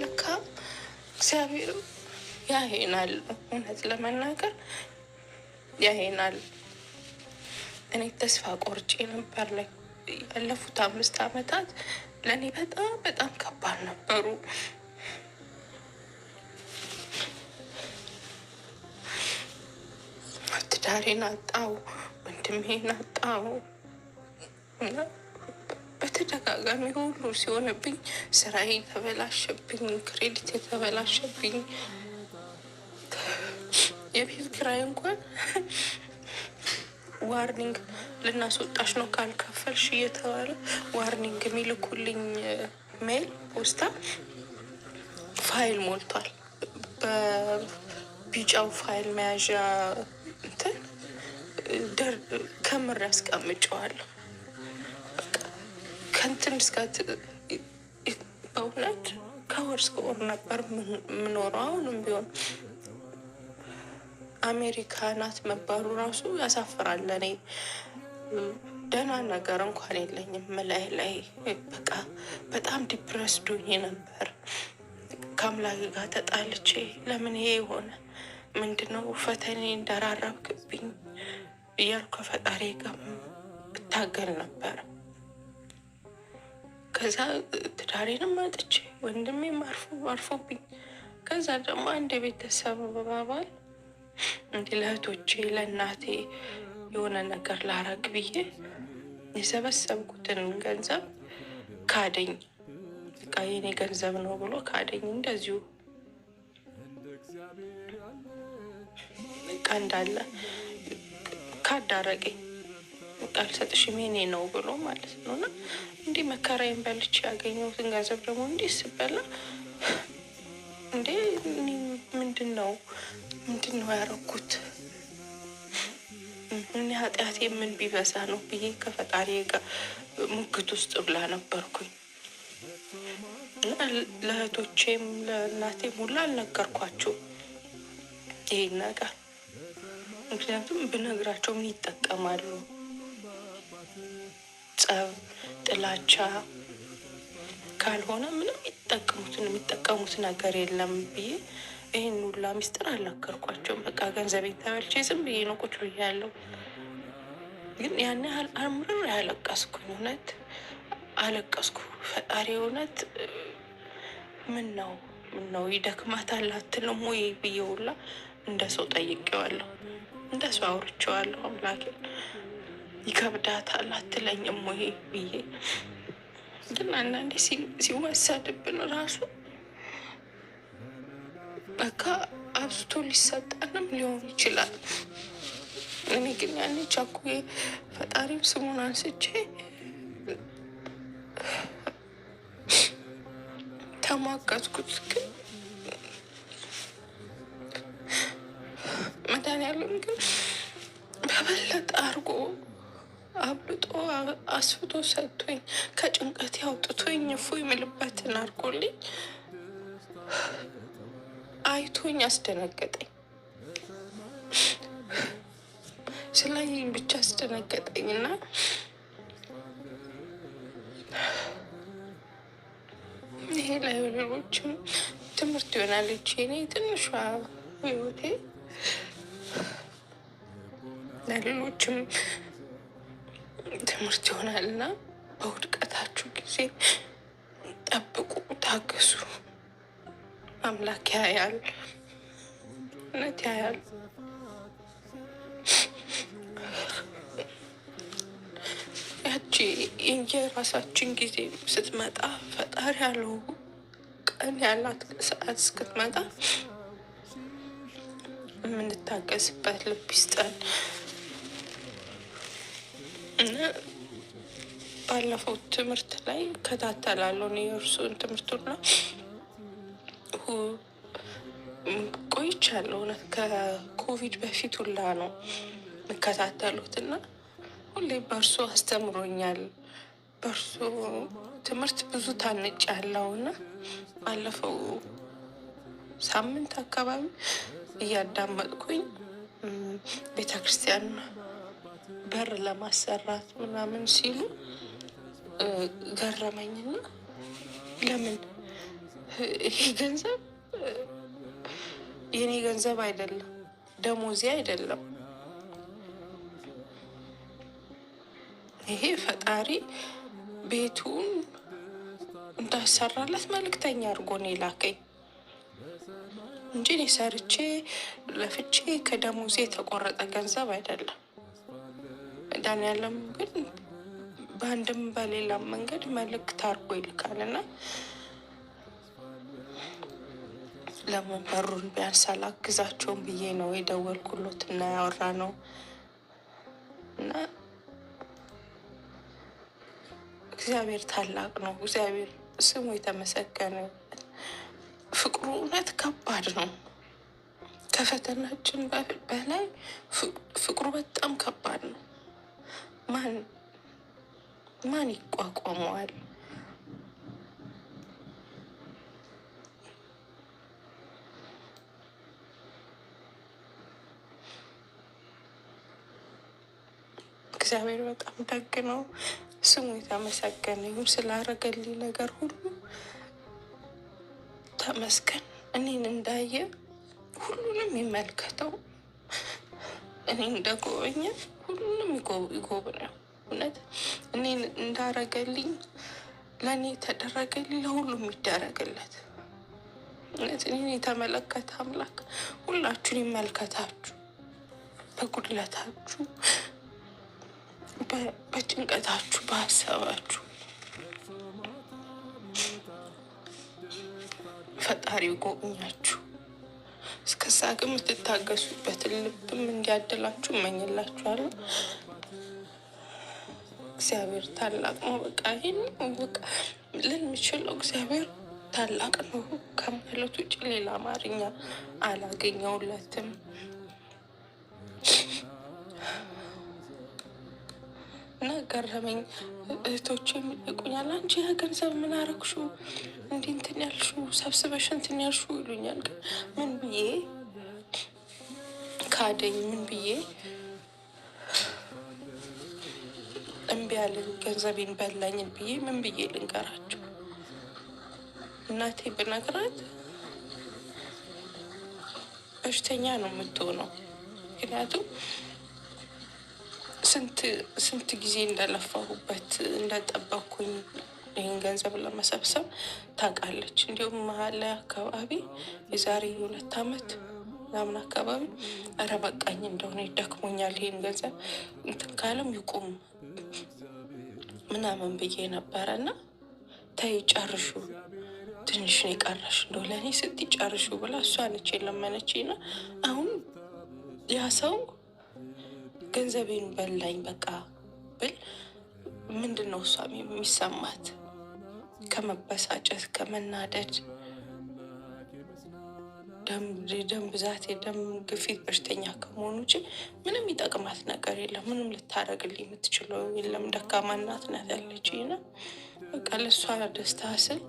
ለካ እግዚአብሔርም ያሄናል። እውነት ለመናገር ያሄናል። እኔ ተስፋ ቆርጬ ነበር። ያለፉት አምስት ዓመታት ለእኔ በጣም በጣም ከባድ ነበሩ። ትዳሬን አጣው፣ ወንድሜን አጣው። በተደጋጋሚ ሁሉ ሲሆንብኝ ስራዬ የተበላሸብኝ፣ ክሬዲት የተበላሸብኝ፣ የቤት ኪራይ እንኳን ዋርኒንግ ልናስወጣሽ ነው ካልከፈልሽ እየተባለ ዋርኒንግ የሚልኩልኝ ሜል ፖስታ ፋይል ሞልቷል። በቢጫው ፋይል መያዣ እንትን ከምር ያስቀምጨዋለሁ። ከንትን እስከት በሁለት ከወር እስከ ወር ነበር የምኖረው። አሁንም ቢሆን አሜሪካ ናት መባሉ ራሱ ያሳፍራል። እኔ ደህና ነገር እንኳን የለኝም። ላይ ላይ በቃ በጣም ዲፕረስ ዱኝ ነበር። ከአምላክ ጋር ተጣልቼ ለምን ይሄ የሆነ ምንድነው ፈተኔ እንደራረብክብኝ እያልኩ ከፈጣሪ ጋር እታገል ነበር። ከዛ ትዳሬንም አጥቼ ወንድሜም አርፎብኝ ከዛ ደግሞ አንድ ቤተሰብ አባል እንዲ ለእህቶቼ ለእናቴ የሆነ ነገር ላረግ ብዬ የሰበሰብኩትን ገንዘብ ካደኝ። በቃ የኔ ገንዘብ ነው ብሎ ካደኝ። እንደዚሁ በቃ እንዳለ ካዳረገኝ ቃል ሰጥሽም ነው ብሎ ማለት ነው። እና እንዲህ መከራዬን በልቼ ያገኘሁትን ገንዘብ ደግሞ እንዲህ ስበላ እንዴ ምንድን ነው ምንድን ነው ያረኩት? ምን ኃጢአቴ ምን ቢበዛ ነው ብዬ ከፈጣሪ ጋር ሙግት ውስጥ ብላ ነበርኩኝ። ለእህቶቼም ለእናቴም ሁላ አልነገርኳቸው ይሄን ነገር ምክንያቱም ብነግራቸው ምን ይጠቀማሉ? ጸብ፣ ጥላቻ ካልሆነ ምንም የሚጠቀሙትን የሚጠቀሙት ነገር የለም ብዬ ይህን ሁላ ሚስጥር አላከርኳቸውም። በቃ ገንዘቤን ተበልቼ ዝም ብዬ ነው ቁጭ ብዬ ያለው። ግን ያን ያህል አምርር ያለቀስኩኝ እውነት አለቀስኩ። ፈጣሪ እውነት ምን ነው ምን ነው ይደክማታል አትልም ወይ ብዬ ሁላ እንደ ሰው ጠይቄዋለሁ፣ እንደ ሰው አውርቼዋለሁ አምላኬ ይከብዳታል አትለኝም ወይ ብዬ ግን አንዳንዴ ሲወሰድብን ራሱ በቃ አብዝቶ ሊሰጠንም ሊሆን ይችላል። እኔ ግን ያኔ ቻኩ ፈጣሪም ስሙን አንስቼ ተሟገዝኩት። ግን መድኃኒዓለም ግን በበለጠ አድርጎ አብልጦ አስብቶ ሰጥቶኝ ከጭንቀት ያውጥቶኝ እፎይ የምልበትን አድርጎልኝ አይቶኝ አስደነገጠኝ። ስላየኝ ብቻ አስደነገጠኝ አስደነገጠኝና ይሄ ለሌሎችም ትምህርት ይሆናል። ይቺ እኔ ትንሿ ህይወቴ ለሌሎችም ትምህርት ይሆናል እና በውድቀታችሁ ጊዜ ጠብቁ፣ ታገሱ። አምላክ ያያል፣ እውነት ያያል። ያቺ የራሳችን ጊዜ ስትመጣ ፈጣሪ ያለው ቀን ያላት ሰዓት እስክትመጣ የምንታገስበት ልብ ይስጠን። እና ባለፈው ትምህርት ላይ እከታተላለሁ የእርሱን ትምህርቱና ቆይቻለሁ። እውነት ከኮቪድ በፊት ሁላ ነው የምከታተሉት እና ሁሌ በእርሱ አስተምሮኛል። በእርሱ ትምህርት ብዙ ታንጭ ያለው እና ባለፈው ሳምንት አካባቢ እያዳመጥኩኝ ቤተክርስቲያን ነው። በር ለማሰራት ምናምን ሲሉ ገረመኝና ለምን ይሄ ገንዘብ የኔ ገንዘብ አይደለም፣ ደሞዜ አይደለም። ይሄ ፈጣሪ ቤቱን እንዳሰራለት መልእክተኛ አድርጎ ነው የላከኝ እንጂ እኔ ሰርቼ ለፍቼ ከደሞዜ የተቆረጠ ገንዘብ አይደለም። መድኃኒዓለም ግን በአንድም በሌላም መንገድ መልእክት አድርጎ ይልካል እና ለምን በሩን ቢያንስ አላግዛቸውም ብዬ ነው የደወልኩሎት እና ያወራ ነው እና እግዚአብሔር ታላቅ ነው። እግዚአብሔር ስሙ የተመሰገነ። ፍቅሩ እውነት ከባድ ነው። ከፈተናችን በላይ ፍቅሩ በጣም ከባድ ነው። ማን ማን ይቋቋመዋል? እግዚአብሔር በጣም ደግ ነው። ስሙ የተመሰገነ ይሁን። ስላረገልኝ ነገር ሁሉ ተመስገን። እኔን እንዳየ ሁሉንም ይመልከተው። እኔ እንደጎበኛ ሁሉንም ይጎብኛል። እውነት እኔ እንዳረገልኝ ለእኔ ተደረገልኝ፣ ለሁሉም ይደረግለት። እውነት እኔን የተመለከተ አምላክ ሁላችሁን ይመልከታችሁ፣ በጉድለታችሁ፣ በጭንቀታችሁ፣ በሀሳባችሁ ፈጣሪ ጎብኛችሁ። እስከ ሳቅም የምትታገሱበትን ልብም እንዲያደላችሁ እመኝላችኋለሁ። እግዚአብሔር ታላቅ ነው። በቃ ይህን በቃ ልንችለው እግዚአብሔር ታላቅ ነው ከማለት ውጭ ሌላ አማርኛ አላገኘውለትም። እና ገረመኝ። እህቶችም ይጠይቁኛል፣ አንቺ ያ ገንዘብ ምን አረግሹ እንዲ እንትን ያልሹ ሰብስበሽ እንትን ያልሹ ይሉኛል። ግን ምን ብዬ ካደኝ? ምን ብዬ እምቢ አለኝ? ገንዘቤን በላኝን ብዬ ምን ብዬ ልንገራቸው? እናቴ ብነግራት በሽተኛ ነው የምትሆነው ምክንያቱም ስንት ጊዜ እንደለፋሁበት እንደጠበኩኝ ይህን ገንዘብ ለመሰብሰብ ታውቃለች። እንዲሁም መሀል ላይ አካባቢ የዛሬ ሁለት ዓመት ምናምን አካባቢ እረ በቃኝ እንደሆነ ይደክሞኛል፣ ይህን ገንዘብ እንትን ካለም ይቁም ምናምን ብዬ ነበረ እና ተይ ጨርሹ ትንሽ ነው የቀረሽ እንደው ለእኔ ጨርሹ ብላ እሷ ነች የለመነች ና አሁን ያ ሰው ገንዘቤን በላኝ በቃ ብል ምንድን ነው እሷ የሚሰማት? ከመበሳጨት ከመናደድ ደም ብዛት የደም ግፊት በሽተኛ ከመሆኑ ውጭ ምንም ይጠቅማት ነገር የለም። ምንም ልታደርግልኝ የምትችለው የለም። ደካማ እናት ናት ያለች እና በቃ ለእሷ ደስታ ስል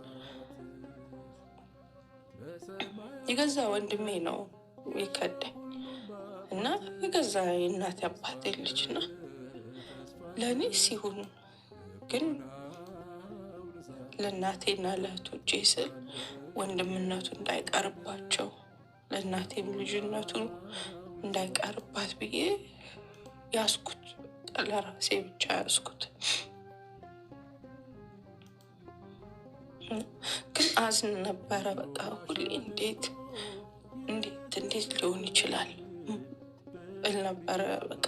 የገዛ ወንድሜ ነው የከዳኝ። እና የገዛ የእናት አባት ልጅ እና ለእኔ ሲሆኑ ግን ለእናቴና ለእህቶቼ ስል ወንድምነቱ እንዳይቀርባቸው ለእናቴም ልጅነቱ እንዳይቀርባት ብዬ ያስኩት ለራሴ ብቻ ያስኩት። ግን አዝን ነበረ። በቃ ሁሌ እንዴት እንዴት እንዴት ሊሆን ይችላል እል ነበረ። በቃ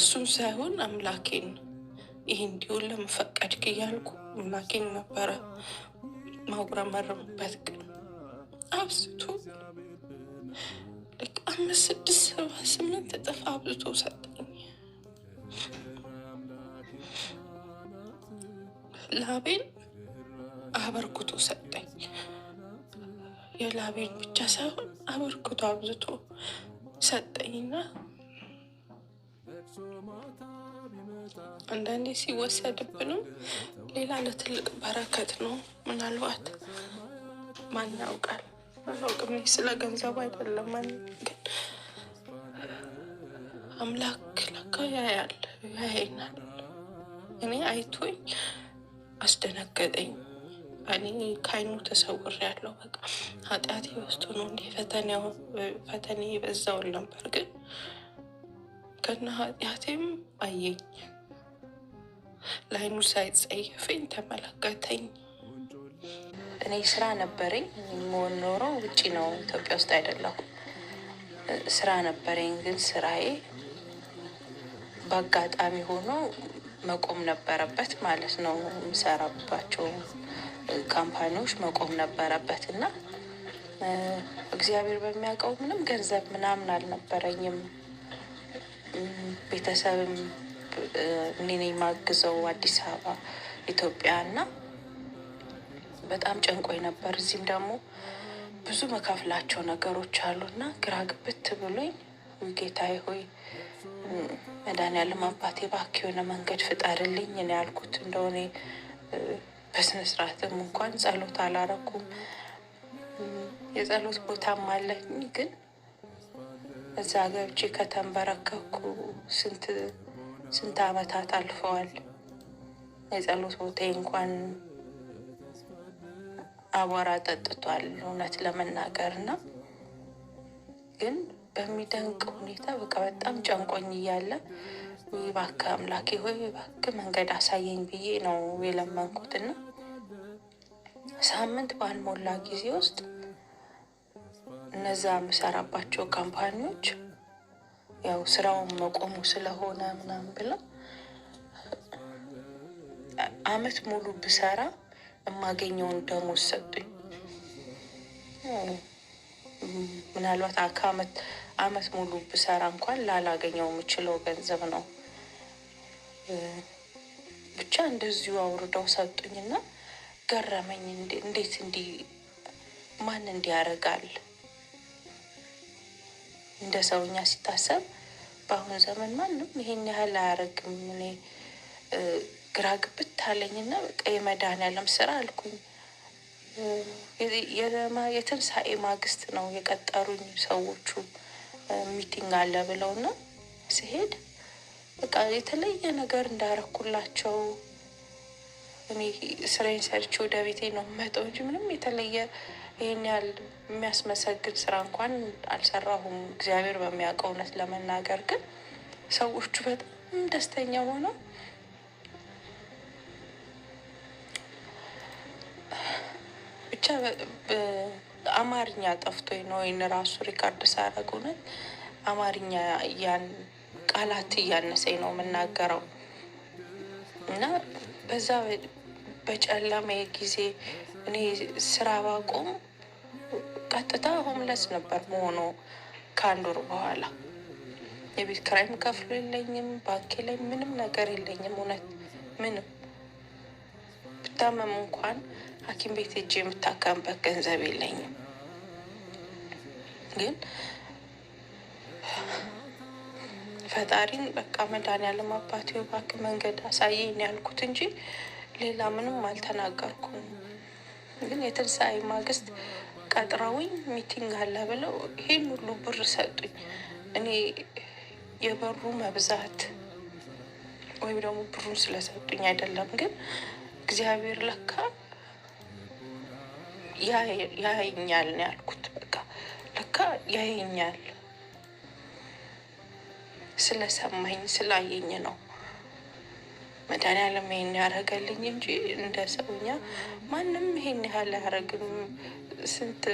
እሱም ሳይሆን አምላኬን ይህ እንዲሁን ለመፈቀድ እያልኩ አምላኬን ነበረ ማጉረመርምበት። ግን አብዝቶ አምስት ስድስት ሰባ ስምንት እጥፍ አብዝቶ ሰጠኝ። ላቤን አበርክቶ ሰጠኝ። የላቤን ብቻ ሳይሆን አበርክቶ አብዝቶ ሰጠኝና አንዳንዴ ሲወሰድብንም ሌላ ለትልቅ በረከት ነው። ምናልባት ማን ያውቃል አላውቅም። ስለ ገንዘብ አይደለም፣ ግን አምላክ ለካ ያያል፣ ያየናል። እኔ አይቶኝ አስደነገጠኝ። እኔ ከአይኑ ተሰውር ያለው በቃ ኃጢአቴ ውስጡ ነው። እንዲህ ፈተና የበዛውን ነበር፣ ግን ከነ ኃጢአቴም አየኝ። ለአይኑ ሳይጸየፈኝ ተመለከተኝ። እኔ ስራ ነበረኝ መሆን ኖሮ ውጭ ነው ኢትዮጵያ ውስጥ አይደለሁም። ስራ ነበረኝ፣ ግን ስራዬ በአጋጣሚ ሆኖ መቆም ነበረበት ማለት ነው የምሰራባቸው ካምፓኒዎች መቆም ነበረበት እና እግዚአብሔር በሚያውቀው ምንም ገንዘብ ምናምን አልነበረኝም። ቤተሰብም እኔ ነኝ የማግዘው አዲስ አበባ ኢትዮጵያ እና በጣም ጨንቆኝ ነበር። እዚህም ደግሞ ብዙ መካፍላቸው ነገሮች አሉና ግራ ግብት ብሎኝ ጌታዬ ሆይ መድኃኒዓለም አባቴ እባክህ የሆነ መንገድ ፍጠርልኝ ያልኩት እንደሆነ ስርዓትም እንኳን ጸሎት አላረኩም። የጸሎት ቦታም አለኝ፣ ግን እዛ ገብቼ ከተንበረከኩ ስንት ስንት አልፈዋል። የጸሎት ቦታ እንኳን አቧራ ጠጥቷል። እውነት ለመናገር እና ግን በሚደንቅ ሁኔታ በቃ በጣም ጨንቆኝ እያለ እባክህ አምላኬ ሆይ እባክህ መንገድ አሳየኝ ብዬ ነው የለመንኩት እና ሳምንት ባልሞላ ጊዜ ውስጥ እነዛ የምሰራባቸው ካምፓኒዎች ያው ስራውን መቆሙ ስለሆነ ምናምን ብለው አመት ሙሉ ብሰራ የማገኘውን ደሞዝ ሰጡኝ። ምናልባት ከአመት አመት ሙሉ ብሰራ እንኳን ላላገኘው የምችለው ገንዘብ ነው። ብቻ እንደዚሁ አውርደው ሰጡኝና ገረመኝ። እንዴት እንዲህ ማን እንዲያደርጋል? እንደ ሰውኛ ሲታሰብ በአሁኑ ዘመን ማንም ይሄን ያህል አያረግም። እኔ ግራ ግብት አለኝና በቃ የመድኃኒዓለም ስራ አልኩኝ። የትንሣኤ ማግስት ነው የቀጠሩኝ ሰዎቹ ሚቲንግ አለ ብለውና ስሄድ በቃ የተለየ ነገር እንዳረኩላቸው እኔ ስራዬን ሰርቼ ወደ ቤቴ ነው መጠው እንጂ ምንም የተለየ ይህን ያህል የሚያስመሰግን ስራ እንኳን አልሰራሁም። እግዚአብሔር በሚያውቀው እውነት ለመናገር ግን ሰዎቹ በጣም ደስተኛ ሆነው ብቻ አማርኛ ጠፍቶኝ ነው ወይን ራሱ ሪካርድ ሳረግ እውነት አማርኛ ያን ቃላት እያነሰኝ ነው የምናገረው እና በዛ በጨለማ ጊዜ እኔ ስራ ባቆም ቀጥታ ሆምለስ ነበር መሆኑ ከአንድ ወር በኋላ የቤት ክራይም ከፍሎ የለኝም፣ ባንኬ ላይ ምንም ነገር የለኝም። እውነት ምንም ብታመም እንኳን ሐኪም ቤት እጅ የምታከምበት ገንዘብ የለኝም ግን ፈጣሪን በቃ መድኃኒዓለም አባቴ እባክህ መንገድ አሳየኝ ያልኩት እንጂ ሌላ ምንም አልተናገርኩም። ግን የትንሣኤ ማግስት ቀጥረውኝ ሚቲንግ አለ ብለው ይሄን ሁሉ ብር ሰጡኝ። እኔ የበሩ መብዛት ወይም ደግሞ ብሩን ስለሰጡኝ አይደለም። ግን እግዚአብሔር ለካ ያየኛል ነው ያልኩት። በቃ ለካ ያየኛል ስለሰማኝ ስላየኝ ነው መድኃኒዓለም ይሄን ያደረገልኝ እንጂ እንደ ሰውኛ ማንም ይሄን ያህል ያደረግም። ስንት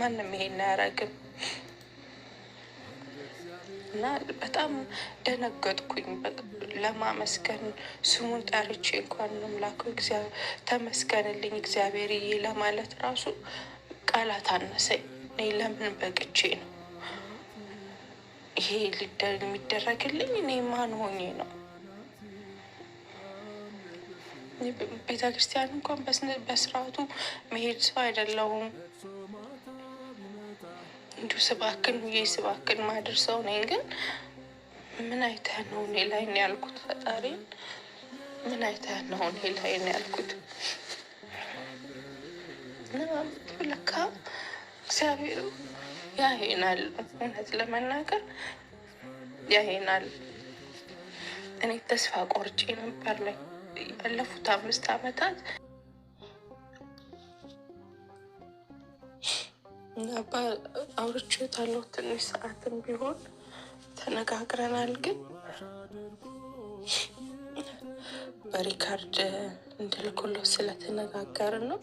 ማንም ይሄን ያደረግም እና በጣም ደነገጥኩኝ። ለማመስገን ስሙን ጠርቼ እንኳን ምላኩ ተመስገንልኝ እግዚአብሔር ይሄ ለማለት ራሱ ቃላት አነሰኝ። እኔ ለምን በቅቼ ነው ይሄ የሚደረግልኝ? እኔ ማን ሆኜ ነው? ቤተ ክርስቲያን እንኳን በስርዓቱ መሄድ ሰው አይደለሁም። እንዲሁ ስባክን ብዬ ስባክን ማድር ሰው ነኝ። ግን ምን አይተህ ነው እኔ ላይ ነው ያልኩት? ፈጣሪን ምን አይተህ ነው እኔ ላይ ነው ያልኩት? ለካ እግዚአብሔር ያሄናል። እውነት ለመናገር ያሄናል። እኔ ተስፋ ቆርጬ ነበር ላይ ያለፉት አምስት ዓመታት አባ አውርቼታለሁ። ትንሽ ሰዓትም ቢሆን ተነጋግረናል። ግን በሪካርድ እንድልኩሎ ስለተነጋገርን ነው።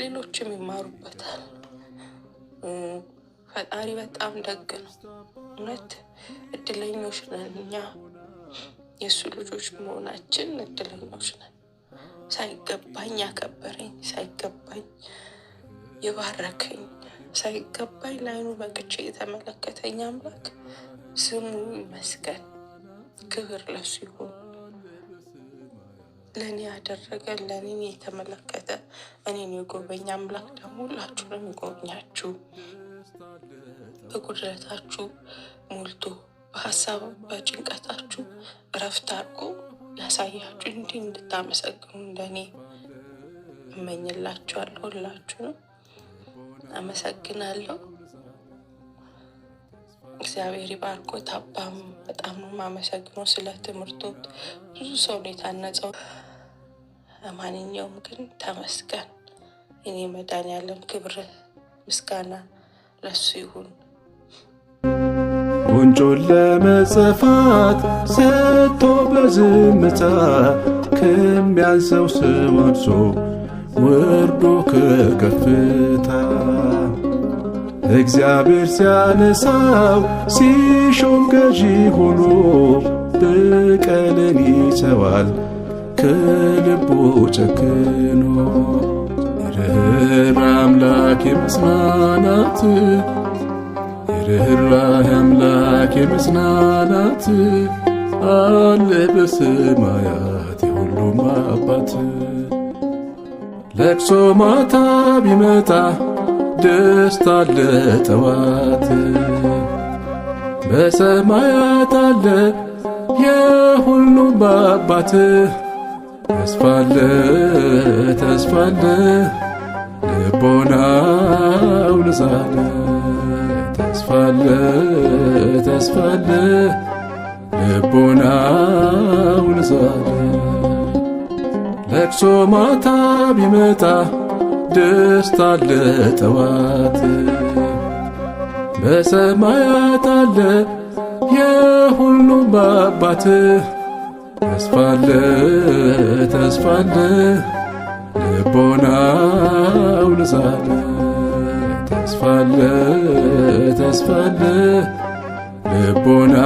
ሌሎችም ይማሩበታል። ፈጣሪ በጣም ደግ ነው። እውነት እድለኞች ነን እኛ የእሱ ልጆች መሆናችን እድለኞች ነን። ሳይገባኝ ያከበረኝ፣ ሳይገባኝ የባረከኝ፣ ሳይገባኝ ለአይኑ በቅቼ የተመለከተኝ አምላክ ስሙ ይመስገን። ክብር ለሱ ይሁን። ለእኔ ያደረገ ለእኔን የተመለከተ እኔን የጎበኝ አምላክ ደግሞ ሁላችሁንም ይጎብኛችሁ፣ በጉድለታችሁ ሞልቶ በሀሳብ በጭንቀታችሁ እረፍት አድርጎ ያሳያችሁ እንዲህ እንድታመሰግኑ እንደኔ እመኝላችኋለሁ። ሁላችሁንም አመሰግናለሁ። እግዚአብሔር ባርኮት አባም በጣም አመሰግኖ ስለ ትምህርቱ። ብዙ ሰው ነው የታነጸው። ለማንኛውም ግን ተመስገን። እኔ መድኃኒዓለም ክብር ምስጋና ለሱ ይሁን። ጉንጮን ለመጽፋት ሰጥቶ በዝምታ ከሚያንሰው ስብ ወርዶ ከከፍታ እግዚአብሔር ሲያነሳው ሲሾም ገዢ ሆኖ በቀልን ይሰዋል ከልቦ ጨክኖ። የርኅራ አምላክ የመጽናናት የርኅራህ አምላክ የመጽናናት አለ በሰማያት የሁሉም አባት ለቅሶ ማታ ቢመጣ ደስታ አለ ጠዋት በሰማያት አለ የሁሉ ባባት ተስፋለ ተስፋለ ልቦናው ንጻለ ተስፋለ ተስፋለ ልቦናው ንጻለ ለቅሶ ማታ ቢመጣ ደስታ አለ ጠዋት በሰማያት አለ የሁሉም አባት ተስፋለ ተስፋለ ልቦናው ልሳለ ተስፋለ ተስፋለ ልቦና